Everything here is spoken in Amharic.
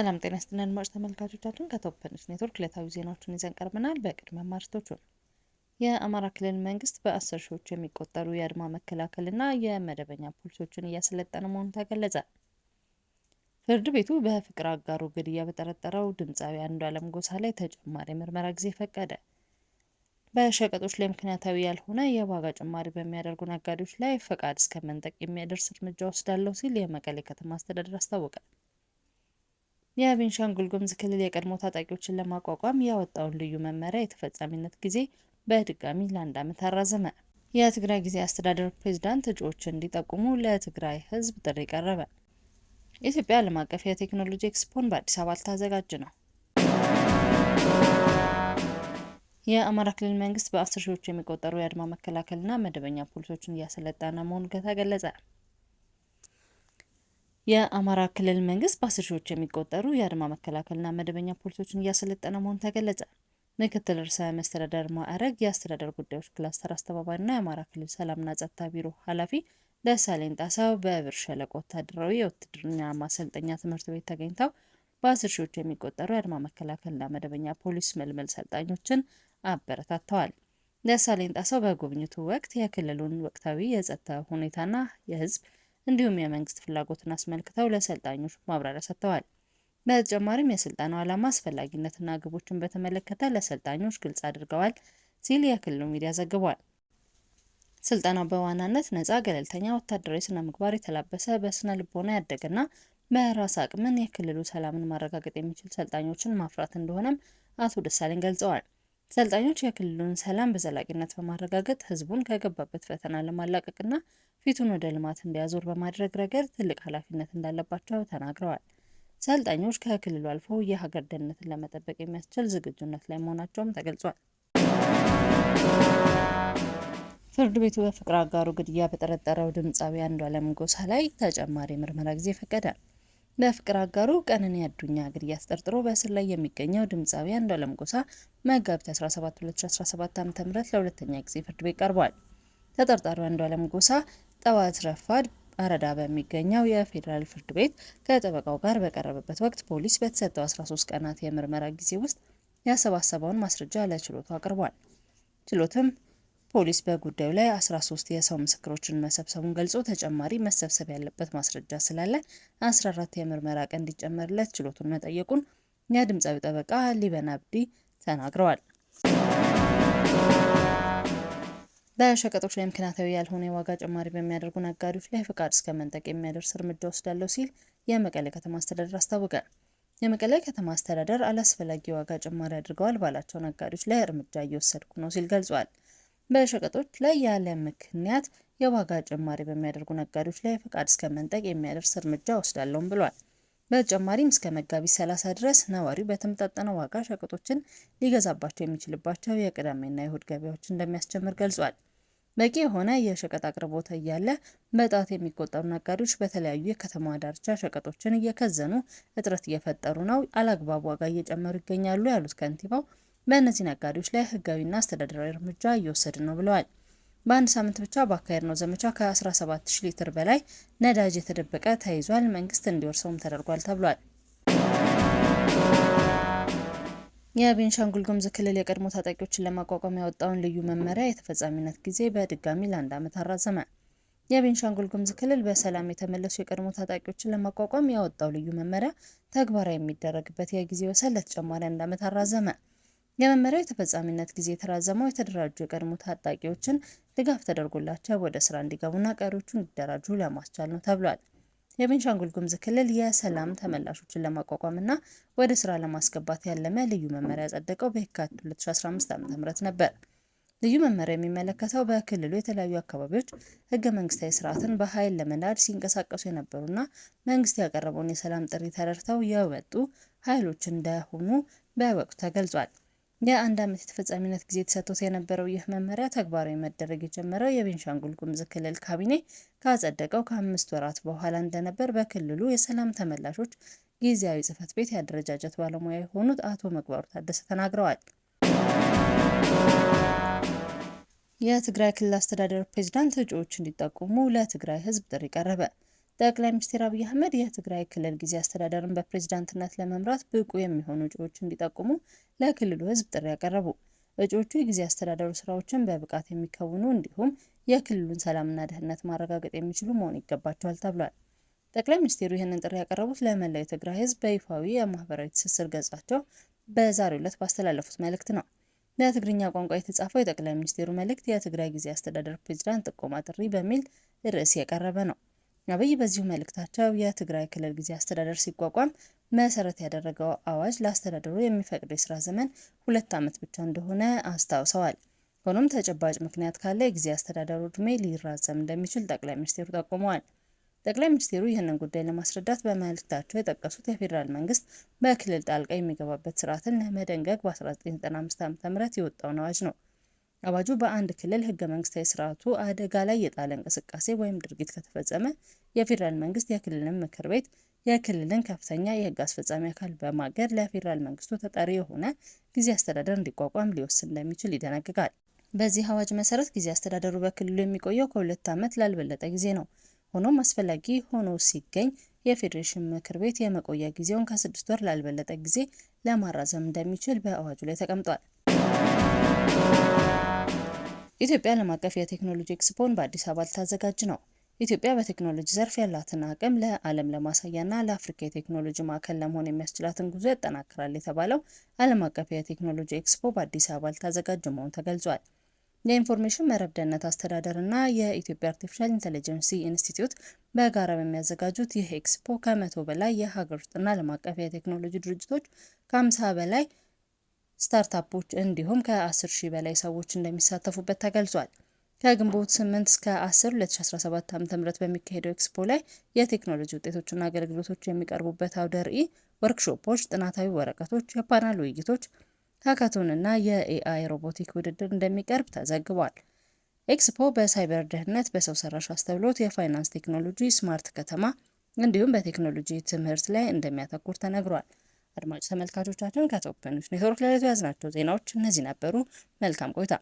ሰላም ጤና ይስጥልን አድማጭ ተመልካቾቻችን ከቶፕንሽ ኔትወርክ ዕለታዊ ዜናዎችን ይዘን ቀርበናል። በቅድመ ማርቶቹ የአማራ ክልል መንግስት በአስር ሺዎች የሚቆጠሩ የአድማ መከላከልና የመደበኛ ፖሊሶችን እያሰለጠነ መሆኑ ተገለጸ። ፍርድ ቤቱ በፍቅር አጋሩ ግድያ በጠረጠረው ድምፃዊ አለም ጎሳ ላይ ተጨማሪ ምርመራ ጊዜ ፈቀደ። በሸቀጦች ላይ ምክንያታዊ ያልሆነ የዋጋ ጭማሪ በሚያደርጉ ነጋዴዎች ላይ ፈቃድ እስከ መንጠቅ የሚያደርስ እርምጃ ወስዳለሁ ሲል የመቀሌ ከተማ አስተዳደር አስታወቀ። የቤንሻንጉል ጉምዝ ክልል የቀድሞ ታጣቂዎችን ለማቋቋም ያወጣውን ልዩ መመሪያ የተፈጻሚነት ጊዜ በድጋሚ ለአንድ አመት አራዘመ። የትግራይ ጊዜ አስተዳደር ፕሬዝዳንት እጩዎችን እንዲጠቁሙ ለትግራይ ህዝብ ጥሪ ቀረበ። ኢትዮጵያ ዓለም አቀፍ የቴክኖሎጂ ኤክስፖን በአዲስ አበባ ልታዘጋጅ ነው። የአማራ ክልል መንግስት በአስር ሺዎች የሚቆጠሩ የአድማ መከላከልና መደበኛ ፖሊሶችን እያሰለጠነ መሆኑ ተገለጸ። የአማራ ክልል መንግስት በአስር ሺዎች የሚቆጠሩ የአድማ መከላከልና መደበኛ ፖሊሶችን እያሰለጠነ መሆኑ ተገለጸ። ምክትል ርዕሰ መስተዳደር ማዕረግ የአስተዳደር ጉዳዮች ክላስተር አስተባባሪና የአማራ ክልል ሰላምና ጸጥታ ቢሮ ኃላፊ ደሳለኝ ጣሳው በብር ሸለቆ ወታደራዊ የውትድርና ማሰልጠኛ ትምህርት ቤት ተገኝተው በአስር ሺዎች የሚቆጠሩ የአድማ መከላከልና መደበኛ ፖሊስ መልመል ሰልጣኞችን አበረታተዋል። ደሳለኝ ጣሳው በጉብኝቱ ወቅት የክልሉን ወቅታዊ የጸጥታ ሁኔታና የህዝብ እንዲሁም የመንግስት ፍላጎትን አስመልክተው ለሰልጣኞች ማብራሪያ ሰጥተዋል። በተጨማሪም የስልጠናው ዓላማ አስፈላጊነትና ግቦችን በተመለከተ ለሰልጣኞች ግልጽ አድርገዋል ሲል የክልሉ ሚዲያ ዘግቧል። ስልጠናው በዋናነት ነጻ፣ ገለልተኛ፣ ወታደራዊ ስነ ምግባር የተላበሰ በስነ ልቦና ያደገና በራስ አቅምን የክልሉ ሰላምን ማረጋገጥ የሚችል ሰልጣኞችን ማፍራት እንደሆነም አቶ ደሳለኝ ገልጸዋል። ሰልጣኞች የክልሉን ሰላም በዘላቂነት በማረጋገጥ ህዝቡን ከገባበት ፈተና ለማላቀቅና ፊቱን ወደ ልማት እንዲያዞር በማድረግ ረገድ ትልቅ ኃላፊነት እንዳለባቸው ተናግረዋል። ሰልጣኞች ከክልሉ አልፎ የሀገር ደህንነትን ለመጠበቅ የሚያስችል ዝግጁነት ላይ መሆናቸውም ተገልጿል። ፍርድ ቤቱ በፍቅር አጋሩ ግድያ በጠረጠረው ድምፃዊ አንዱዓለም ጎሳ ላይ ተጨማሪ ምርመራ ጊዜ ፈቀደ። ለፍቅር አጋሩ ቀነኒ አዱኛ ግድያ አስጠርጥሮ በእስር ላይ የሚገኘው ድምፃዊ አንዷለም ጎሳ መጋቢት 17 2017 ም ለሁለተኛ ጊዜ ፍርድ ቤት ቀርቧል። ተጠርጣሪው አንዷለም ጎሳ ጠዋት ረፋድ አረዳ በሚገኘው የፌዴራል ፍርድ ቤት ከጠበቃው ጋር በቀረበበት ወቅት ፖሊስ በተሰጠው 13 ቀናት የምርመራ ጊዜ ውስጥ ያሰባሰበውን ማስረጃ ለችሎቱ አቅርቧል። ችሎትም ፖሊስ በጉዳዩ ላይ 13 የሰው ምስክሮችን መሰብሰቡን ገልጾ ተጨማሪ መሰብሰብ ያለበት ማስረጃ ስላለ 14 የምርመራ ቀን እንዲጨመርለት ችሎቱን መጠየቁን የድምፃዊ ጠበቃ ሊበን አብዲ ተናግረዋል። በሸቀጦች ላይ ምክንያታዊ ያልሆነ የዋጋ ጭማሪ በሚያደርጉ ነጋዴዎች ላይ ፍቃድ እስከ መንጠቅ የሚያደርስ እርምጃ ወስዳለሁ ሲል የመቀሌ ከተማ አስተዳደር አስታወቀ። የመቀሌ ከተማ አስተዳደር አላስፈላጊ የዋጋ ጭማሪ አድርገዋል ባላቸው ነጋዴዎች ላይ እርምጃ እየወሰድኩ ነው ሲል ገልጿል። በሸቀጦች ላይ ያለ ምክንያት የዋጋ ጭማሪ በሚያደርጉ ነጋዴዎች ላይ ፈቃድ እስከ መንጠቅ የሚያደርስ እርምጃ ወስዳለሁም ብሏል። በተጨማሪም እስከ መጋቢት 30 ድረስ ነዋሪው በተመጣጠነ ዋጋ ሸቀጦችን ሊገዛባቸው የሚችልባቸው የቅዳሜና የእሁድ ገበያዎች እንደሚያስጀምር ገልጿል። በቂ የሆነ የሸቀጥ አቅርቦት እያለ በጣት የሚቆጠሩ ነጋዴዎች በተለያዩ የከተማ ዳርቻ ሸቀጦችን እየከዘኑ እጥረት እየፈጠሩ ነው፣ አላግባብ ዋጋ እየጨመሩ ይገኛሉ ያሉት ከንቲባው በእነዚህ ነጋዴዎች ላይ ህጋዊና አስተዳደራዊ እርምጃ እየወሰድን ነው ብለዋል። በአንድ ሳምንት ብቻ ነው ዘመቻ ከ17 ሊትር በላይ ነዳጅ የተደበቀ ተይዟል። መንግስት እንዲወርሰውም ተደርጓል ተብሏል። የቤንሻንጉል ጉሙዝ ክልል የቀድሞ ታጣቂዎችን ለማቋቋም ያወጣውን ልዩ መመሪያ የተፈጻሚነት ጊዜ በድጋሚ ለአንድ ዓመት አራዘመ። የቤንሻንጉል ጉሙዝ ክልል በሰላም የተመለሱ የቀድሞ ታጣቂዎችን ለማቋቋም ያወጣው ልዩ መመሪያ ተግባራዊ የሚደረግበት የጊዜ ወሰን ለተጨማሪ አንድ ዓመት አራዘመ። የመመሪያው የተፈጻሚነት ጊዜ የተራዘመው የተደራጁ የቀድሞ ታጣቂዎችን ድጋፍ ተደርጎላቸው ወደ ስራ እንዲገቡና ቀሪዎቹ እንዲደራጁ ለማስቻል ነው ተብሏል። የቤንሻንጉል ጉምዝ ክልል የሰላም ተመላሾችን ለማቋቋምና ወደ ስራ ለማስገባት ያለመ ልዩ መመሪያ ያጸደቀው በየካቲት 2015 ዓ.ም ነበር። ልዩ መመሪያ የሚመለከተው በክልሉ የተለያዩ አካባቢዎች ህገ መንግስታዊ ስርዓትን በኃይል ለመናድ ሲንቀሳቀሱ የነበሩና መንግስት ያቀረበውን የሰላም ጥሪ ተረድተው የወጡ ኃይሎች እንደሆኑ በወቅቱ ተገልጿል። የአንድ ዓመት የተፈጻሚነት ጊዜ ተሰጥቶት የነበረው ይህ መመሪያ ተግባራዊ መደረግ የጀመረው የቤንሻንጉል ጉምዝ ክልል ካቢኔ ካጸደቀው ከአምስት ወራት በኋላ እንደነበር በክልሉ የሰላም ተመላሾች ጊዜያዊ ጽህፈት ቤት የአደረጃጀት ባለሙያ የሆኑት አቶ መግባሩ ታደሰ ተናግረዋል። የትግራይ ክልል አስተዳደር ፕሬዚዳንት እጩዎች እንዲጠቁሙ ለትግራይ ህዝብ ጥሪ ቀረበ። ጠቅላይ ሚኒስትር አብይ አህመድ የትግራይ ክልል ጊዜያዊ አስተዳደርን በፕሬዝዳንትነት ለመምራት ብቁ የሚሆኑ እጩዎች እንዲጠቁሙ ለክልሉ ህዝብ ጥሪ ያቀረቡ እጩዎቹ የጊዜያዊ አስተዳደሩ ስራዎችን በብቃት የሚከውኑ እንዲሁም የክልሉን ሰላምና ደህንነት ማረጋገጥ የሚችሉ መሆን ይገባቸዋል ተብሏል። ጠቅላይ ሚኒስትሩ ይህንን ጥሪ ያቀረቡት ለመላው የትግራይ ህዝብ በይፋዊ የማህበራዊ ትስስር ገጻቸው በዛሬው ዕለት ባስተላለፉት መልእክት ነው። በትግርኛ ቋንቋ የተጻፈው የጠቅላይ ሚኒስትሩ መልእክት የትግራይ ጊዜያዊ አስተዳደር ፕሬዝዳንት ጥቆማ ጥሪ በሚል ርዕስ የቀረበ ነው። አብይ በዚሁ መልእክታቸው የትግራይ ክልል ጊዜ አስተዳደር ሲቋቋም መሰረት ያደረገው አዋጅ ለአስተዳደሩ የሚፈቅደው የስራ ዘመን ሁለት ዓመት ብቻ እንደሆነ አስታውሰዋል። ሆኖም ተጨባጭ ምክንያት ካለ የጊዜ አስተዳደሩ ዕድሜ ሊራዘም እንደሚችል ጠቅላይ ሚኒስትሩ ጠቁመዋል። ጠቅላይ ሚኒስትሩ ይህንን ጉዳይ ለማስረዳት በመልእክታቸው የጠቀሱት የፌዴራል መንግስት በክልል ጣልቃ የሚገባበት ስርዓትን ለመደንገግ በ1995 ዓ.ም የወጣውን አዋጅ ነው። አዋጁ በአንድ ክልል ህገ መንግስታዊ ስርዓቱ አደጋ ላይ የጣለ እንቅስቃሴ ወይም ድርጊት ከተፈጸመ የፌዴራል መንግስት የክልልን ምክር ቤት የክልልን ከፍተኛ የህግ አስፈጻሚ አካል በማገድ ለፌዴራል መንግስቱ ተጠሪ የሆነ ጊዜ አስተዳደር እንዲቋቋም ሊወስን እንደሚችል ይደነግጋል። በዚህ አዋጅ መሰረት ጊዜ አስተዳደሩ በክልሉ የሚቆየው ከሁለት ዓመት ላልበለጠ ጊዜ ነው። ሆኖም አስፈላጊ ሆኖ ሲገኝ የፌዴሬሽን ምክር ቤት የመቆያ ጊዜውን ከስድስት ወር ላልበለጠ ጊዜ ለማራዘም እንደሚችል በአዋጁ ላይ ተቀምጧል። ኢትዮጵያ ዓለም አቀፍ የቴክኖሎጂ ኤክስፖን በአዲስ አበባ ልታዘጋጅ ነው። ኢትዮጵያ በቴክኖሎጂ ዘርፍ ያላትን አቅም ለዓለም ለማሳያና ለአፍሪካ የቴክኖሎጂ ማዕከል ለመሆን የሚያስችላትን ጉዞ ያጠናክራል የተባለው ዓለም አቀፍ የቴክኖሎጂ ኤክስፖ በአዲስ አበባ ልታዘጋጅ መሆኑ ተገልጿል። የኢንፎርሜሽን መረብ ደህንነት አስተዳደርና የኢትዮጵያ አርቲፊሻል ኢንተለጀንሲ ኢንስቲትዩት በጋራ በሚያዘጋጁት ይህ ኤክስፖ ከመቶ በላይ የሀገር ውስጥና ዓለም አቀፍ የቴክኖሎጂ ድርጅቶች ከ50 በላይ ስታርታፖች እንዲሁም ከ10 ሺህ በላይ ሰዎች እንደሚሳተፉበት ተገልጿል። ከግንቦት 8 እስከ 10 2017 ዓ.ም በሚካሄደው ኤክስፖ ላይ የቴክኖሎጂ ውጤቶችና አገልግሎቶች የሚቀርቡበት አውደ ርዕይ፣ ወርክሾፖች፣ ጥናታዊ ወረቀቶች፣ የፓናል ውይይቶች፣ ሀካቶንና የኤአይ ሮቦቲክ ውድድር እንደሚቀርብ ተዘግቧል። ኤክስፖ በሳይበር ደህንነት፣ በሰው ሰራሽ አስተውሎት፣ የፋይናንስ ቴክኖሎጂ፣ ስማርት ከተማ እንዲሁም በቴክኖሎጂ ትምህርት ላይ እንደሚያተኩር ተነግሯል። አድማጭ ተመልካቾቻችን ከቶፕ ኔትወርክ ለዕለቱ ያዝናቸው ዜናዎች እነዚህ ነበሩ። መልካም ቆይታ